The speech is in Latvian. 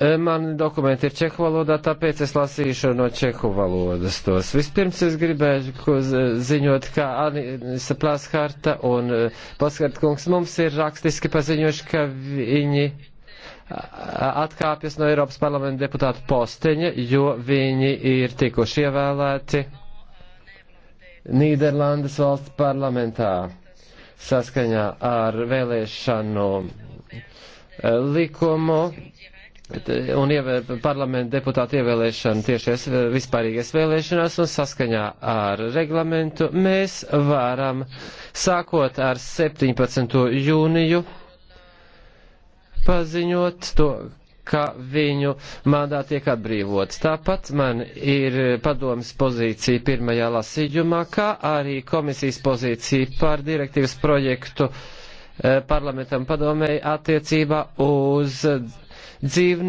E, mani dokumenti ir čehu valodā, tāpēc es lasīšu no čehu valodas tos. Vispirms es gribēju ziņot, ka Anisa Plasharta un e, Plasharta kungs mums ir rakstiski paziņojuši, ka viņi atkāpjas no Eiropas parlamenta deputāta posteņa, jo viņi ir tikuši ievēlēti Nīderlandes valsts parlamentā saskaņā ar vēlēšanu e, likumu. Eh, un ievē, parlamenta deputāta ievēlēšana tieši eh, vispārīgais vēlēšanās un saskaņā ar reglamentu mēs varam, sākot ar 17. jūniju, paziņot to, ka viņu mādā tiek atbrīvots. Tāpat man ir padomas pozīcija pirmajā lasījumā, kā arī komisijas pozīcija par direktīvas projektu eh, parlamentam padomēji attiecībā uz dzīvnieku.